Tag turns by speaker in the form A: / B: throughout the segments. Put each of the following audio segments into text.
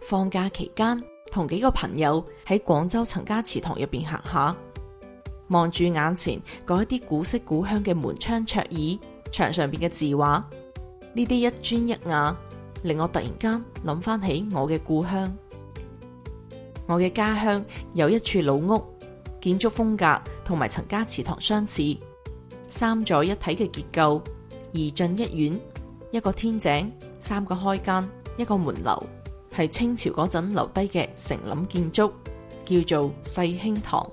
A: 放假期間，同幾個朋友喺廣州陳家祠堂入邊行下，望住眼前嗰一啲古色古香嘅門窗、桌椅、牆上邊嘅字畫，呢啲一磚一瓦，令我突然間諗翻起我嘅故鄉。我嘅家鄉有一處老屋，建築風格同埋陳家祠堂相似，三座一體嘅結構，二進一院，一個天井，三個開間，一個門樓。係清朝嗰陣留低嘅承檁建築，叫做世馨堂。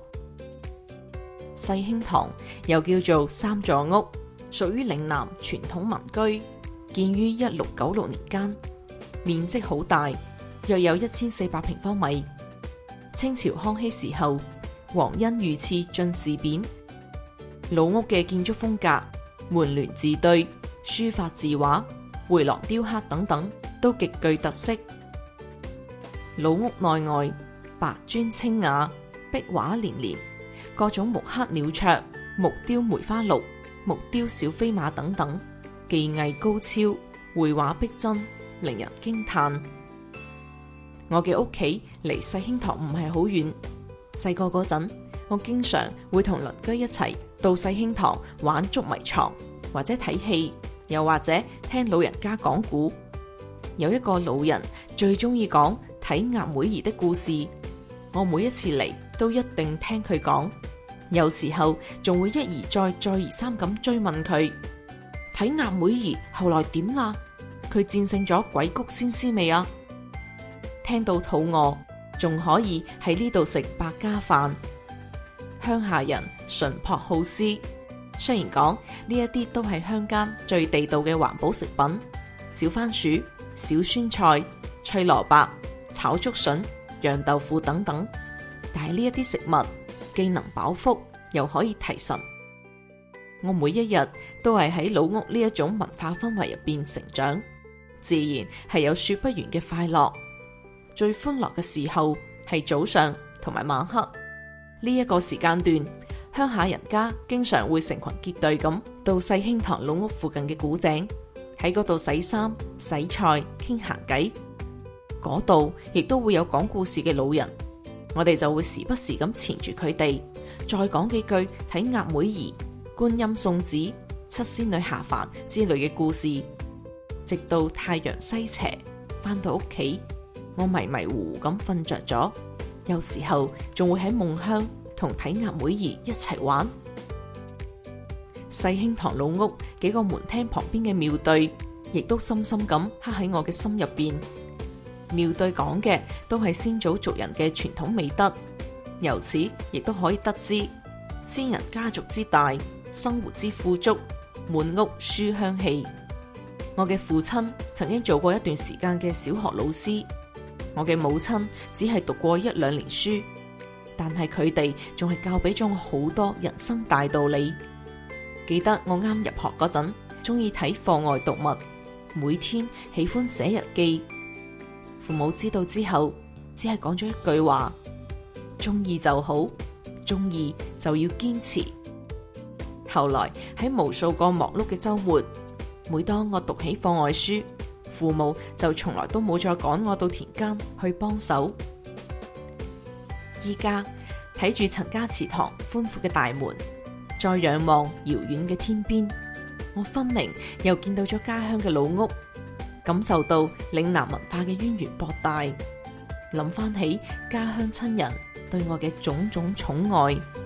A: 世馨堂又叫做三座屋，屬於嶺南傳統民居，建於一六九六年間，面積好大，約有一千四百平方米。清朝康熙時候，皇恩御賜進士匾。老屋嘅建築風格、門聯字對、書法字畫、回廊雕刻等等，都極具特色。老屋內外白磚青瓦，壁畫連連，各種木刻鳥雀、木雕梅花鹿、木雕小飛馬等等，技藝高超，繪畫逼真，令人驚嘆。我嘅屋企離世馨堂唔係好遠，細個嗰陣，我經常會同鄰居一齊到世馨堂玩捉迷藏，或者睇戲，又或者聽老人家講古。有一個老人最中意講。睇鴨妹兒的故事，我每一次嚟都一定聽佢講。有時候仲會一而再，再而三咁追問佢，睇鴨妹兒後來點啦？佢戰勝咗鬼谷先師未啊？聽到肚餓，仲可以喺呢度食百家飯。鄉下人純樸好施，雖然講呢一啲都係鄉間最地道嘅環保食品，小番薯、小酸菜、脆蘿蔔。炒竹筍、釀豆腐等等，但係呢一啲食物既能飽腹，又可以提神。我每一日都係喺老屋呢一種文化氛圍入邊成長，自然係有說不完嘅快樂。最歡樂嘅時候係早上同埋晚黑呢一、這個時間段，鄉下人家經常會成群結隊咁到世馨堂老屋附近嘅古井喺嗰度洗衫、洗菜、傾閒偈。嗰度亦都會有講故事嘅老人，我哋就會時不時咁纏住佢哋，再講幾句睇鴨妹兒、觀音送子、七仙女下凡之類嘅故事，直到太陽西斜，翻到屋企，我迷迷糊糊咁瞓着咗。有時候仲會喺夢鄉同睇鴨妹兒一齊玩。世馨堂老屋幾個門廳旁邊嘅妙對，亦都深深咁刻喺我嘅心入邊。妙對講嘅都係先祖族人嘅傳統美德，由此亦都可以得知先人家族之大，生活之富足，滿屋書香氣。我嘅父親曾經做過一段時間嘅小學老師，我嘅母親只係讀過一兩年書，但係佢哋仲係教俾咗我好多人生大道理。記得我啱入學嗰陣，中意睇課外讀物，每天喜歡寫日記。父母知道之後，只係講咗一句話：中意就好，中意就要堅持。後來喺無數個忙碌嘅周末，每當我讀起課外書，父母就從來都冇再趕我到田間去幫手。依家睇住陳家祠堂寬闊嘅大門，再仰望遙遠嘅天邊，我分明又見到咗家鄉嘅老屋。感受到嶺南文化嘅淵源博大，諗翻起家鄉親人對我嘅種種寵愛。